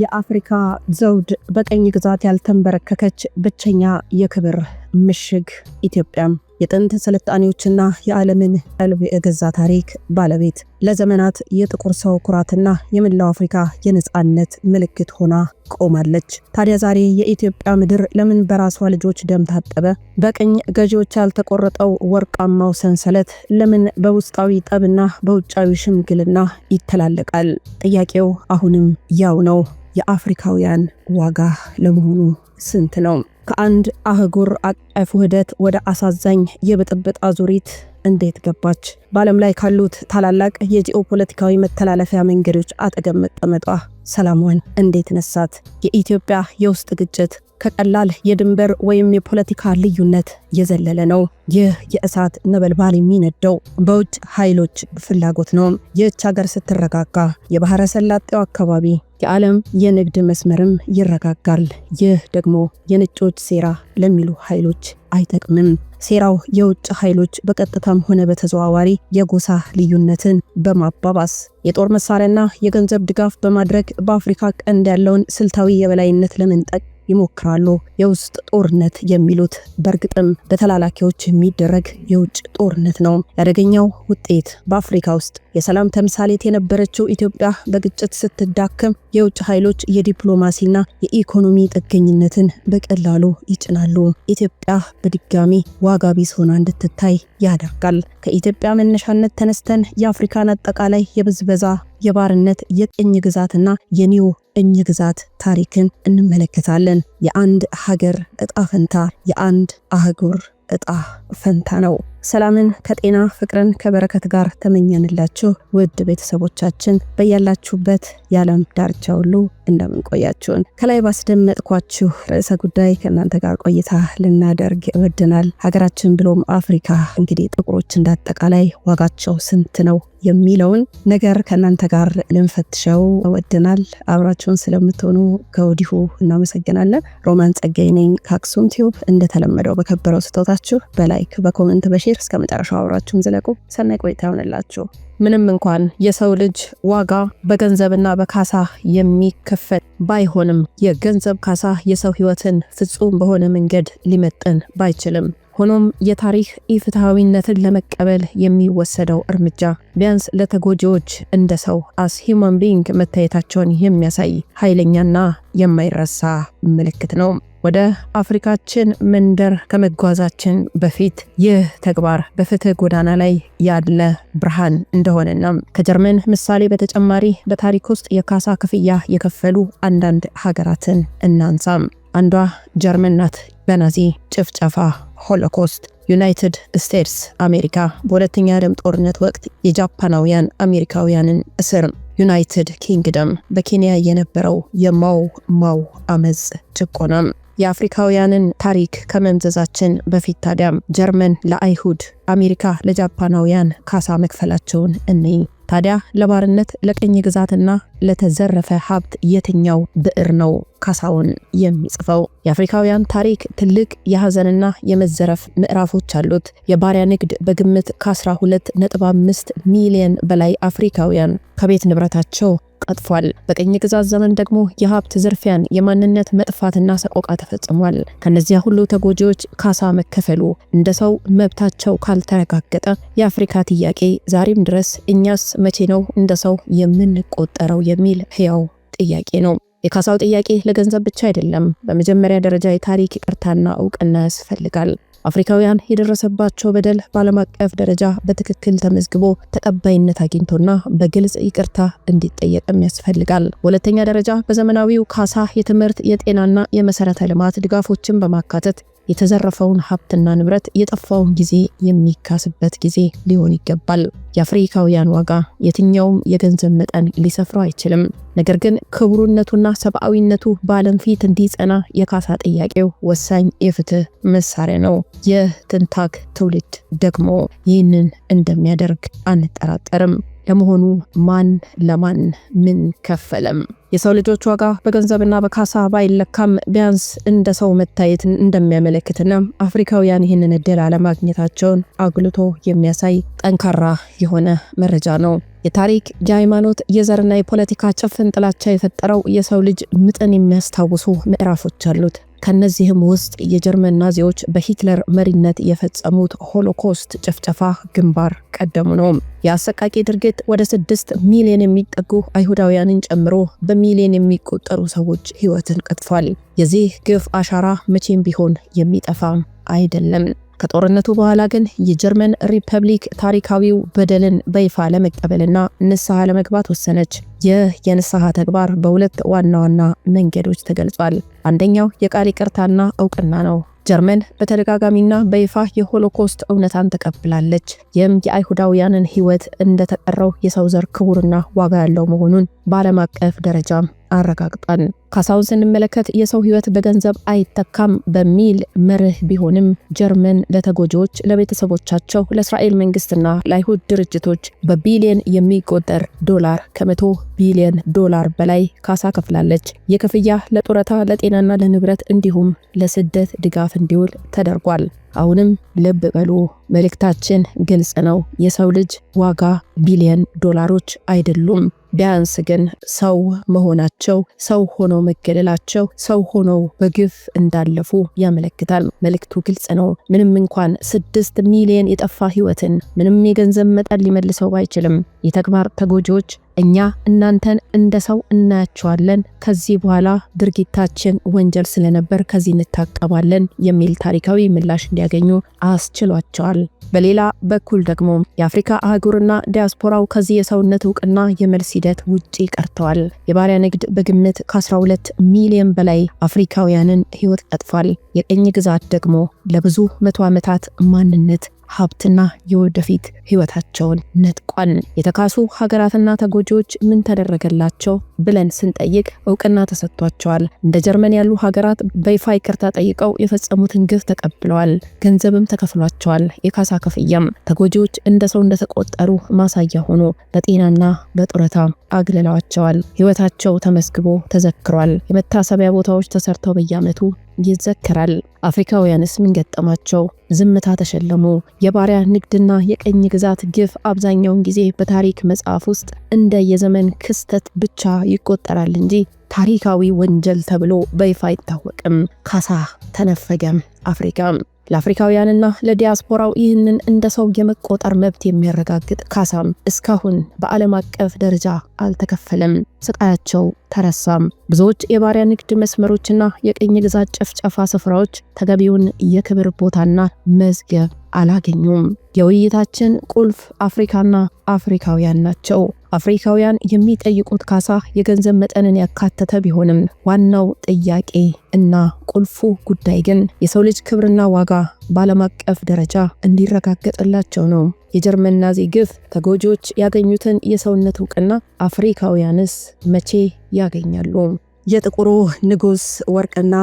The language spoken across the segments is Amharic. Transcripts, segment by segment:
የአፍሪካ ዘውድ በቀኝ ግዛት ያልተንበረከከች ብቸኛ የክብር ምሽግ ኢትዮጵያም የጥንት ስልጣኔዎችና የዓለምን ቀልብ የገዛ ታሪክ ባለቤት ለዘመናት የጥቁር ሰው ኩራትና የመላው አፍሪካ የነፃነት ምልክት ሆና ቆማለች። ታዲያ ዛሬ የኢትዮጵያ ምድር ለምን በራሷ ልጆች ደም ታጠበ? በቅኝ ገዢዎች ያልተቆረጠው ወርቃማው ሰንሰለት ለምን በውስጣዊ ጠብና በውጫዊ ሽምግልና ይተላለቃል? ጥያቄው አሁንም ያው ነው። የአፍሪካውያን ዋጋ ለመሆኑ ስንት ነው? ከአንድ አህጉር አቀፍ ውህደት ወደ አሳዛኝ የብጥብጥ አዙሪት እንዴት ገባች? በዓለም ላይ ካሉት ታላላቅ የጂኦፖለቲካዊ መተላለፊያ መንገዶች አጠገብ መቀመጧ ሰላሟን እንዴት ነሳት? የኢትዮጵያ የውስጥ ግጭት ከቀላል የድንበር ወይም የፖለቲካ ልዩነት የዘለለ ነው። ይህ የእሳት ነበልባል የሚነደው በውጭ ኃይሎች ፍላጎት ነው። ይህች ሀገር ስትረጋጋ የባህረ ሰላጤው አካባቢ የዓለም የንግድ መስመርም ይረጋጋል። ይህ ደግሞ የነጮች ሴራ ለሚሉ ኃይሎች አይጠቅምም። ሴራው የውጭ ኃይሎች በቀጥታም ሆነ በተዘዋዋሪ የጎሳ ልዩነትን በማባባስ የጦር መሳሪያና የገንዘብ ድጋፍ በማድረግ በአፍሪካ ቀንድ ያለውን ስልታዊ የበላይነት ለመንጠቅ ይሞክራሉ። የውስጥ ጦርነት የሚሉት በእርግጥም በተላላኪዎች የሚደረግ የውጭ ጦርነት ነው። የአደገኛው ውጤት በአፍሪካ ውስጥ የሰላም ተምሳሌት የነበረችው ኢትዮጵያ በግጭት ስትዳክም የውጭ ኃይሎች የዲፕሎማሲና የኢኮኖሚ ጥገኝነትን በቀላሉ ይጭናሉ። ኢትዮጵያ በድጋሚ ዋጋ ቢስ ሆና እንድትታይ ያደርጋል። ከኢትዮጵያ መነሻነት ተነስተን የአፍሪካን አጠቃላይ የብዝበዛ የባርነት የቅኝ ግዛትና የኒዮ ቅኝ ግዛት ታሪክን እንመለከታለን። የአንድ ሀገር እጣ ፈንታ የአንድ አህጉር እጣ ፈንታ ነው። ሰላምን ከጤና ፍቅርን ከበረከት ጋር ተመኘንላችሁ ውድ ቤተሰቦቻችን በያላችሁበት የዓለም ዳርቻ ሁሉ እንደምንቆያችሁን ከላይ ባስደመጥኳችሁ ርዕሰ ጉዳይ ከእናንተ ጋር ቆይታ ልናደርግ ወድናል። ሀገራችን ብሎም አፍሪካ እንግዲህ ጥቁሮች እንዳጠቃላይ ዋጋቸው ስንት ነው የሚለውን ነገር ከእናንተ ጋር ልንፈትሸው ወድናል። አብራችሁን ስለምትሆኑ ከወዲሁ እናመሰግናለን። ሮማን ጸጋይ ነኝ ከአክሱም ቲዩብ። እንደተለመደው በከበረው ስጦታችሁ በላይክ በኮመንት በሼር እግዚአብሔር እስከ መጨረሻው አብራችሁም ዝለቁ። ሰናይ ቆይታ ይሆንላችሁ። ምንም እንኳን የሰው ልጅ ዋጋ በገንዘብና በካሳ የሚከፈል ባይሆንም የገንዘብ ካሳ የሰው ህይወትን ፍጹም በሆነ መንገድ ሊመጥን ባይችልም ሆኖም የታሪክ ኢፍትሐዊነትን ለመቀበል የሚወሰደው እርምጃ ቢያንስ ለተጎጂዎች እንደ ሰው አስ ሂውማን ቢንግ መታየታቸውን የሚያሳይ ኃይለኛና የማይረሳ ምልክት ነው። ወደ አፍሪካችን መንደር ከመጓዛችን በፊት ይህ ተግባር በፍትህ ጎዳና ላይ ያለ ብርሃን እንደሆነና ከጀርመን ምሳሌ በተጨማሪ በታሪክ ውስጥ የካሳ ክፍያ የከፈሉ አንዳንድ ሀገራትን እናንሳም። አንዷ ጀርመን ናት። በናዚ ጭፍጨፋ ሆሎኮስት ዩናይትድ ስቴትስ አሜሪካ በሁለተኛ ዓለም ጦርነት ወቅት የጃፓናውያን አሜሪካውያንን እስር ዩናይትድ ኪንግደም በኬንያ የነበረው የማው ማው አመፅ ጭቆናም የአፍሪካውያንን ታሪክ ከመምዘዛችን በፊት ታዲያም ጀርመን ለአይሁድ አሜሪካ ለጃፓናውያን ካሳ መክፈላቸውን እንይ። ታዲያ ለባርነት ለቅኝ ግዛትና ለተዘረፈ ሀብት የትኛው ብዕር ነው ካሳውን የሚጽፈው የአፍሪካውያን ታሪክ ትልቅ የሐዘንና የመዘረፍ ምዕራፎች አሉት። የባሪያ ንግድ በግምት ከ12.5 ሚሊዮን በላይ አፍሪካውያን ከቤት ንብረታቸው ቀጥፏል። በቅኝ ግዛት ዘመን ደግሞ የሀብት ዝርፊያን፣ የማንነት መጥፋትና ሰቆቃ ተፈጽሟል። ከነዚያ ሁሉ ተጎጂዎች ካሳ መከፈሉ እንደ ሰው መብታቸው ካልተረጋገጠ የአፍሪካ ጥያቄ ዛሬም ድረስ እኛስ መቼ ነው እንደ ሰው የምንቆጠረው የሚል ሕያው ጥያቄ ነው። የካሳው ጥያቄ ለገንዘብ ብቻ አይደለም። በመጀመሪያ ደረጃ የታሪክ ይቅርታና እውቅና ያስፈልጋል። አፍሪካውያን የደረሰባቸው በደል በዓለም አቀፍ ደረጃ በትክክል ተመዝግቦ ተቀባይነት አግኝቶና በግልጽ ይቅርታ እንዲጠየቅም ያስፈልጋል። በሁለተኛ ደረጃ በዘመናዊው ካሳ የትምህርት፣ የጤናና የመሰረተ ልማት ድጋፎችን በማካተት የተዘረፈውን ሀብትና ንብረት የጠፋውን ጊዜ የሚካስበት ጊዜ ሊሆን ይገባል። የአፍሪካውያን ዋጋ የትኛውም የገንዘብ መጠን ሊሰፍረው አይችልም። ነገር ግን ክቡርነቱና ሰብአዊነቱ በዓለም ፊት እንዲጸና የካሳ ጥያቄው ወሳኝ የፍትህ መሳሪያ ነው። ይህ ትንታግ ትውልድ ደግሞ ይህንን እንደሚያደርግ አንጠራጠርም። ለመሆኑ ማን ለማን ምን ከፈለም? የሰው ልጆች ዋጋ በገንዘብና በካሳ ባይለካም ቢያንስ እንደ ሰው መታየትን እንደሚያመለክትና አፍሪካውያን ይህንን እድል አለማግኘታቸውን አጉልቶ የሚያሳይ ጠንካራ የሆነ መረጃ ነው። የታሪክ፣ የሃይማኖት፣ የዘርና የፖለቲካ ጭፍን ጥላቻ የፈጠረው የሰው ልጅ ምጥን የሚያስታውሱ ምዕራፎች አሉት። ከነዚህም ውስጥ የጀርመን ናዚዎች በሂትለር መሪነት የፈጸሙት ሆሎኮስት ጭፍጨፋ ግንባር ቀደሙ ነው። የአሰቃቂ ድርጊት ወደ ስድስት ሚሊዮን የሚጠጉ አይሁዳውያንን ጨምሮ በሚሊዮን የሚቆጠሩ ሰዎች ህይወትን ቀጥፏል። የዚህ ግፍ አሻራ መቼም ቢሆን የሚጠፋም አይደለም። ከጦርነቱ በኋላ ግን የጀርመን ሪፐብሊክ ታሪካዊው በደልን በይፋ ለመቀበልና ንስሐ ለመግባት ወሰነች። ይህ የንስሐ ተግባር በሁለት ዋና ዋና መንገዶች ተገልጿል። አንደኛው የቃል ይቅርታና እውቅና ነው። ጀርመን በተደጋጋሚና በይፋ የሆሎኮስት እውነታን ተቀብላለች። ይህም የአይሁዳውያንን ሕይወት እንደተቀረው የሰው ዘር ክቡርና ዋጋ ያለው መሆኑን በዓለም አቀፍ ደረጃም አረጋግጧል። ካሳውን ስንመለከት የሰው ህይወት በገንዘብ አይተካም በሚል መርህ ቢሆንም ጀርመን ለተጎጂዎች፣ ለቤተሰቦቻቸው፣ ለእስራኤል መንግስትና ለአይሁድ ድርጅቶች በቢሊየን የሚቆጠር ዶላር ከመቶ ቢሊየን ዶላር በላይ ካሳ ከፍላለች። የክፍያ ለጡረታ ለጤናና ለንብረት እንዲሁም ለስደት ድጋፍ እንዲውል ተደርጓል። አሁንም ልብ በሉ መልእክታችን ግልጽ ነው። የሰው ልጅ ዋጋ ቢሊየን ዶላሮች አይደሉም። ቢያንስ ግን ሰው መሆናቸው፣ ሰው ሆነው መገደላቸው፣ ሰው ሆነው በግፍ እንዳለፉ ያመለክታል። መልእክቱ ግልጽ ነው። ምንም እንኳን ስድስት ሚሊየን የጠፋ ህይወትን ምንም የገንዘብ መጠን ሊመልሰው ባይችልም የተግባር ተጎጂዎች እኛ እናንተን እንደ ሰው እናያቸዋለን፣ ከዚህ በኋላ ድርጊታችን ወንጀል ስለነበር ከዚህ እንታቀባለን የሚል ታሪካዊ ምላሽ እንዲያገኙ አስችሏቸዋል። በሌላ በኩል ደግሞ የአፍሪካ አህጉርና ዲያስፖራው ከዚህ የሰውነት እውቅና የመልስ ሂደት ውጪ ቀርተዋል። የባሪያ ንግድ በግምት ከ12 ሚሊዮን በላይ አፍሪካውያንን ሕይወት ቀጥፏል። የቅኝ ግዛት ደግሞ ለብዙ መቶ ዓመታት ማንነት ሀብትና የወደፊት ህይወታቸውን ነጥቋል። የተካሱ ሀገራትና ተጎጂዎች ምን ተደረገላቸው? ብለን ስንጠይቅ እውቅና ተሰጥቷቸዋል። እንደ ጀርመን ያሉ ሀገራት በይፋ ይቅርታ ጠይቀው የፈጸሙትን ግፍ ተቀብለዋል። ገንዘብም ተከፍሏቸዋል። የካሳ ክፍያም ተጎጂዎች እንደ ሰው እንደተቆጠሩ ማሳያ ሆኖ በጤናና በጡረታ አግልለዋቸዋል። ህይወታቸው ተመስግቦ ተዘክሯል። የመታሰቢያ ቦታዎች ተሰርተው በየአመቱ ይዘከራል። አፍሪካውያንስ ምን ገጠማቸው? ዝምታ ተሸለሙ። የባሪያ ንግድና የቅኝ ግዛት ግፍ አብዛኛውን ጊዜ በታሪክ መጽሐፍ ውስጥ እንደ የዘመን ክስተት ብቻ ይቆጠራል እንጂ ታሪካዊ ወንጀል ተብሎ በይፋ አይታወቅም። ካሳ ተነፈገም አፍሪካ። ለአፍሪካውያንና ለዲያስፖራው ይህንን እንደ ሰው የመቆጠር መብት የሚያረጋግጥ ካሳም እስካሁን በዓለም አቀፍ ደረጃ አልተከፈለም። ስቃያቸው ተረሳም። ብዙዎች የባሪያ ንግድ መስመሮችና የቅኝ ግዛት ጭፍጨፋ ስፍራዎች ተገቢውን የክብር ቦታና መዝገብ አላገኙም። የውይይታችን ቁልፍ አፍሪካና አፍሪካውያን ናቸው። አፍሪካውያን የሚጠይቁት ካሳ የገንዘብ መጠንን ያካተተ ቢሆንም ዋናው ጥያቄ እና ቁልፉ ጉዳይ ግን የሰው ልጅ ክብርና ዋጋ በዓለም አቀፍ ደረጃ እንዲረጋገጥላቸው ነው። የጀርመን ናዚ ግፍ ተጎጂዎች ያገኙትን የሰውነት እውቅና አፍሪካውያንስ መቼ ያገኛሉ? የጥቁሩ ንጉሥ ወርቅና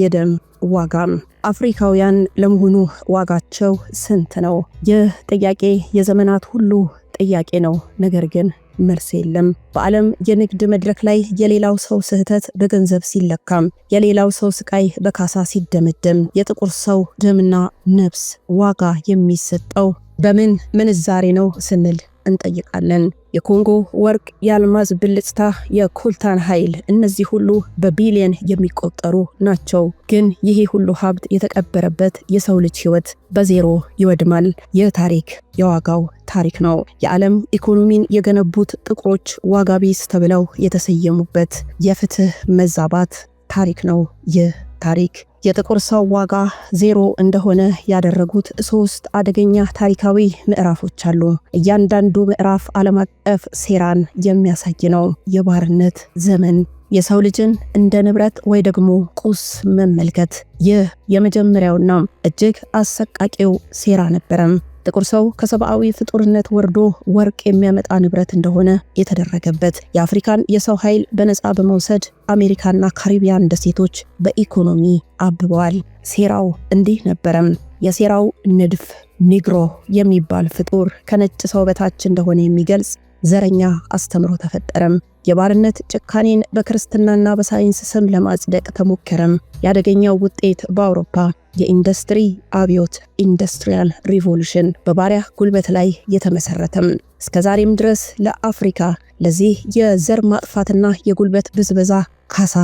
የደም ዋጋም አፍሪካውያን ለመሆኑ ዋጋቸው ስንት ነው? ይህ ጥያቄ የዘመናት ሁሉ ጥያቄ ነው። ነገር ግን መልስ የለም። በዓለም የንግድ መድረክ ላይ የሌላው ሰው ስህተት በገንዘብ ሲለካም፣ የሌላው ሰው ስቃይ በካሳ ሲደመደም፣ የጥቁር ሰው ደምና ነፍስ ዋጋ የሚሰጠው በምን ምንዛሬ ነው ስንል እንጠይቃለን። የኮንጎ ወርቅ፣ የአልማዝ ብልጽታ፣ የኮልታን ኃይል፣ እነዚህ ሁሉ በቢሊየን የሚቆጠሩ ናቸው። ግን ይሄ ሁሉ ሀብት የተቀበረበት የሰው ልጅ ህይወት በዜሮ ይወድማል። ይህ ታሪክ የዋጋው ታሪክ ነው። የዓለም ኢኮኖሚን የገነቡት ጥቁሮች ዋጋ ቢስ ተብለው የተሰየሙበት የፍትህ መዛባት ታሪክ ነው ይህ ታሪክ የጥቁር ሰው ዋጋ ዜሮ እንደሆነ ያደረጉት ሶስት አደገኛ ታሪካዊ ምዕራፎች አሉ። እያንዳንዱ ምዕራፍ ዓለም አቀፍ ሴራን የሚያሳይ ነው። የባርነት ዘመን የሰው ልጅን እንደ ንብረት ወይ ደግሞ ቁስ መመልከት። ይህ የመጀመሪያውና እጅግ አሰቃቂው ሴራ ነበረም። ጥቁር ሰው ከሰብአዊ ፍጡርነት ወርዶ ወርቅ የሚያመጣ ንብረት እንደሆነ የተደረገበት የአፍሪካን የሰው ኃይል በነፃ በመውሰድ አሜሪካና ካሪቢያን ደሴቶች በኢኮኖሚ አብበዋል። ሴራው እንዲህ ነበረም። የሴራው ንድፍ ኒግሮ የሚባል ፍጡር ከነጭ ሰው በታች እንደሆነ የሚገልጽ ዘረኛ አስተምሮ ተፈጠረም። የባርነት ጭካኔን በክርስትናና በሳይንስ ስም ለማጽደቅ ተሞከረም። የአደገኛው ውጤት በአውሮፓ የኢንዱስትሪ አብዮት ኢንዱስትሪያል ሪቮሉሽን በባሪያ ጉልበት ላይ የተመሰረተም እስከ ዛሬም ድረስ ለአፍሪካ ለዚህ የዘር ማጥፋትና የጉልበት ብዝበዛ ካሳ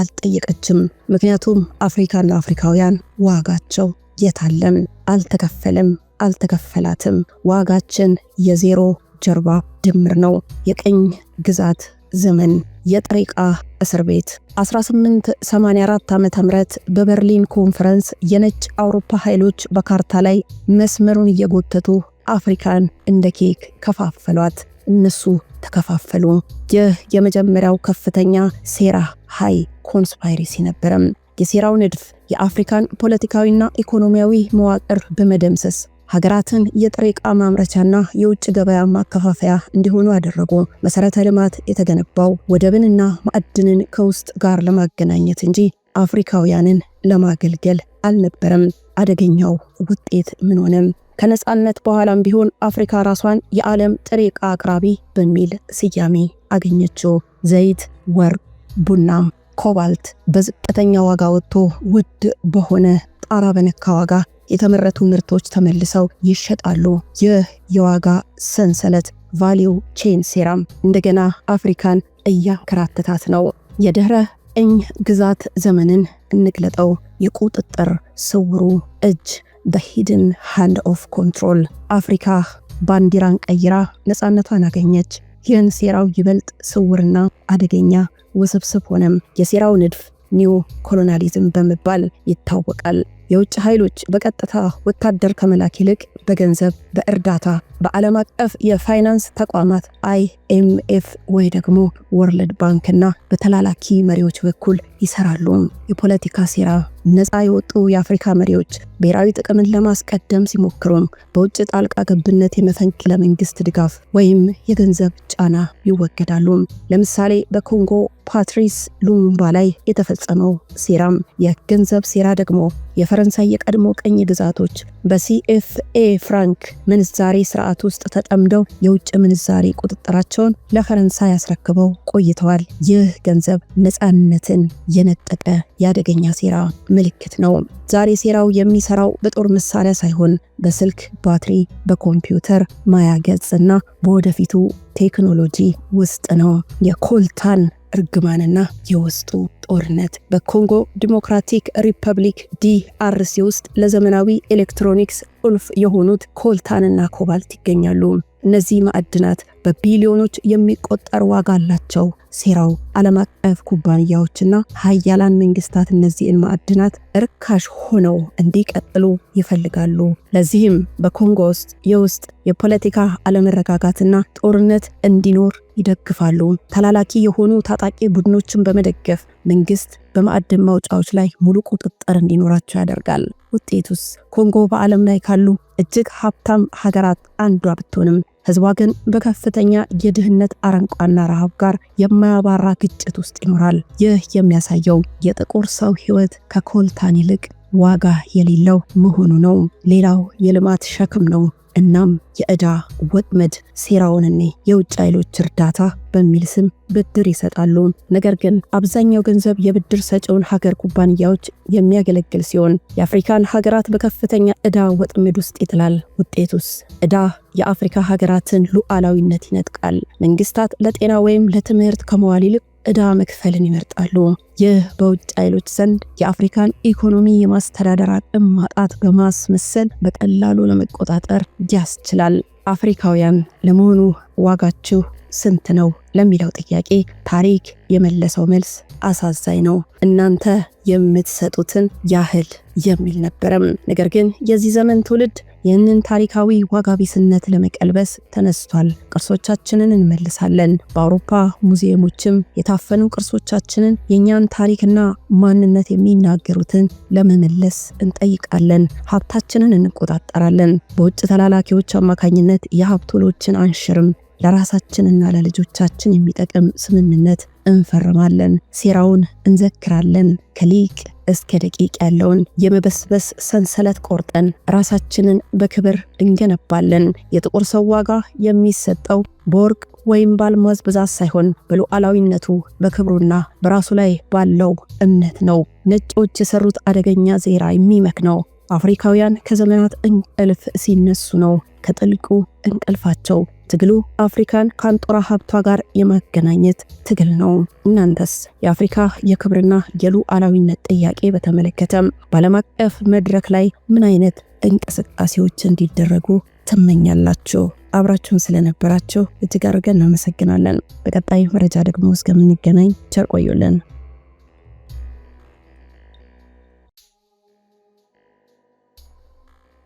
አልጠየቀችም። ምክንያቱም አፍሪካና አፍሪካውያን ዋጋቸው የታለም አልተከፈለም፣ አልተከፈላትም። ዋጋችን የዜሮ ጀርባ ድምር ነው። የቅኝ ግዛት ዘመን የጥሬ ዕቃ እስር ቤት 1884 ዓ ም በበርሊን ኮንፈረንስ የነጭ አውሮፓ ኃይሎች በካርታ ላይ መስመሩን እየጎተቱ አፍሪካን እንደ ኬክ ከፋፈሏት። እነሱ ተከፋፈሉ። ይህ የመጀመሪያው ከፍተኛ ሴራ ሃይ ኮንስፓይሪሲ ነበረም። የሴራው ንድፍ የአፍሪካን ፖለቲካዊና ኢኮኖሚያዊ መዋቅር በመደምሰስ ሀገራትን የጥሬ ዕቃ ማምረቻና የውጭ ገበያ ማከፋፈያ እንዲሆኑ አደረጉ። መሰረተ ልማት የተገነባው ወደብንና ማዕድንን ከውስጥ ጋር ለማገናኘት እንጂ አፍሪካውያንን ለማገልገል አልነበረም። አደገኛው ውጤት ምን ሆነም? ከነፃነት በኋላም ቢሆን አፍሪካ ራሷን የዓለም ጥሬ ዕቃ አቅራቢ በሚል ስያሜ አገኘችው። ዘይት፣ ወርቅ፣ ቡና፣ ኮባልት በዝቅተኛ ዋጋ ወጥቶ ውድ በሆነ ጣራ በነካ ዋጋ የተመረቱ ምርቶች ተመልሰው ይሸጣሉ። ይህ የዋጋ ሰንሰለት ቫሊዩ ቼን ሴራም እንደገና አፍሪካን እያንከራተታት ነው። የድህረ ቅኝ ግዛት ዘመንን እንግለጠው። የቁጥጥር ስውሩ እጅ ዘ ሂድን ሃንድ ኦፍ ኮንትሮል። አፍሪካ ባንዲራን ቀይራ ነፃነቷን አገኘች። ይህን ሴራው ይበልጥ ስውርና አደገኛ ውስብስብ ሆነም። የሴራው ንድፍ ኒው ኮሎናሊዝም በመባል ይታወቃል። የውጭ ኃይሎች በቀጥታ ወታደር ከመላክ ይልቅ በገንዘብ፣ በእርዳታ፣ በዓለም አቀፍ የፋይናንስ ተቋማት አይ ኤምኤፍ ወይ ደግሞ ወርልድ ባንክና በተላላኪ መሪዎች በኩል ይሰራሉ። የፖለቲካ ሴራ ነፃ የወጡ የአፍሪካ መሪዎች ብሔራዊ ጥቅምን ለማስቀደም ሲሞክሩም በውጭ ጣልቃ ገብነት የመፈንቅለ መንግስት ድጋፍ ወይም የገንዘብ ጫና ይወገዳሉ። ለምሳሌ በኮንጎ ፓትሪስ ሉሙምባ ላይ የተፈጸመው ሴራም የገንዘብ ሴራ ደግሞ የፈረንሳይ የቀድሞ ቅኝ ግዛቶች በሲኤፍኤ ፍራንክ ምንዛሬ ስርዓት ውስጥ ተጠምደው የውጭ ምንዛሬ ቁጥጥራቸው ገንዘባቸውን ለፈረንሳይ አስረክበው ቆይተዋል። ይህ ገንዘብ ነፃነትን የነጠቀ የአደገኛ ሴራ ምልክት ነው። ዛሬ ሴራው የሚሰራው በጦር መሳሪያ ሳይሆን በስልክ ባትሪ፣ በኮምፒውተር ማያ ገጽ እና በወደፊቱ ቴክኖሎጂ ውስጥ ነው። የኮልታን እርግማንና የውስጡ ጦርነት በኮንጎ ዲሞክራቲክ ሪፐብሊክ ዲአርሲ ውስጥ ለዘመናዊ ኤሌክትሮኒክስ ቁልፍ የሆኑት ኮልታንና ኮባልት ይገኛሉ። እነዚህ ማዕድናት በቢሊዮኖች የሚቆጠር ዋጋ አላቸው። ሴራው ዓለም አቀፍ ኩባንያዎችና ሀያላን መንግስታት እነዚህን ማዕድናት እርካሽ ሆነው እንዲቀጥሉ ይፈልጋሉ። ለዚህም በኮንጎ ውስጥ የውስጥ የፖለቲካ አለመረጋጋትና ጦርነት እንዲኖር ይደግፋሉ። ተላላኪ የሆኑ ታጣቂ ቡድኖችን በመደገፍ መንግስት በማዕድን ማውጫዎች ላይ ሙሉ ቁጥጥር እንዲኖራቸው ያደርጋል። ውጤቱስ ኮንጎ በዓለም ላይ ካሉ እጅግ ሀብታም ሀገራት አንዷ ብትሆንም ህዝቧ ግን በከፍተኛ የድህነት አረንቋና ረሃብ ጋር የማያባራ ግጭት ውስጥ ይኖራል። ይህ የሚያሳየው የጥቁር ሰው ህይወት ከኮልታን ይልቅ ዋጋ የሌለው መሆኑ ነው። ሌላው የልማት ሸክም ነው። እናም የዕዳ ወጥመድ ሴራውን እኔ የውጭ ኃይሎች እርዳታ በሚል ስም ብድር ይሰጣሉ። ነገር ግን አብዛኛው ገንዘብ የብድር ሰጪውን ሀገር ኩባንያዎች የሚያገለግል ሲሆን የአፍሪካን ሀገራት በከፍተኛ ዕዳ ወጥመድ ውስጥ ይጥላል። ውጤቱስ ዕዳ የአፍሪካ ሀገራትን ሉዓላዊነት ይነጥቃል። መንግስታት ለጤና ወይም ለትምህርት ከመዋል ይልቅ ዕዳ መክፈልን ይመርጣሉ። ይህ በውጭ ኃይሎች ዘንድ የአፍሪካን ኢኮኖሚ የማስተዳደር አቅም ማጣት በማስመሰል በቀላሉ ለመቆጣጠር ያስችላል። አፍሪካውያን ለመሆኑ ዋጋችሁ ስንት ነው ለሚለው ጥያቄ ታሪክ የመለሰው መልስ አሳዛኝ ነው። እናንተ የምትሰጡትን ያህል የሚል ነበረም። ነገር ግን የዚህ ዘመን ትውልድ ይህንን ታሪካዊ ዋጋቢስነት ለመቀልበስ ተነስቷል። ቅርሶቻችንን እንመልሳለን። በአውሮፓ ሙዚየሞችም የታፈኑ ቅርሶቻችንን የእኛን ታሪክና ማንነት የሚናገሩትን ለመመለስ እንጠይቃለን። ሀብታችንን እንቆጣጠራለን። በውጭ ተላላኪዎች አማካኝነት የሀብት ውሎችን አንሽርም። ለራሳችንና ለልጆቻችን የሚጠቅም ስምምነት እንፈርማለን። ሴራውን እንዘክራለን። ከሊቅ እስከ ደቂቅ ያለውን የመበስበስ ሰንሰለት ቆርጠን ራሳችንን በክብር እንገነባለን። የጥቁር ሰው ዋጋ የሚሰጠው በወርቅ ወይም በአልማዝ ብዛት ሳይሆን በሉዓላዊነቱ በክብሩና በራሱ ላይ ባለው እምነት ነው። ነጮች የሰሩት አደገኛ ሴራ የሚመክነው አፍሪካውያን ከዘመናት እንቅልፍ ሲነሱ ነው። ከጥልቁ እንቅልፋቸው ትግሉ አፍሪካን ከአንጡራ ሀብቷ ጋር የማገናኘት ትግል ነው። እናንተስ የአፍሪካ የክብርና የሉዓላዊነት ጥያቄ በተመለከተም በዓለም አቀፍ መድረክ ላይ ምን አይነት እንቅስቃሴዎች እንዲደረጉ ትመኛላችሁ? አብራችሁን ስለነበራችሁ እጅግ አድርገን እናመሰግናለን። በቀጣይ መረጃ ደግሞ እስከምንገናኝ ቸር ቆዩልን።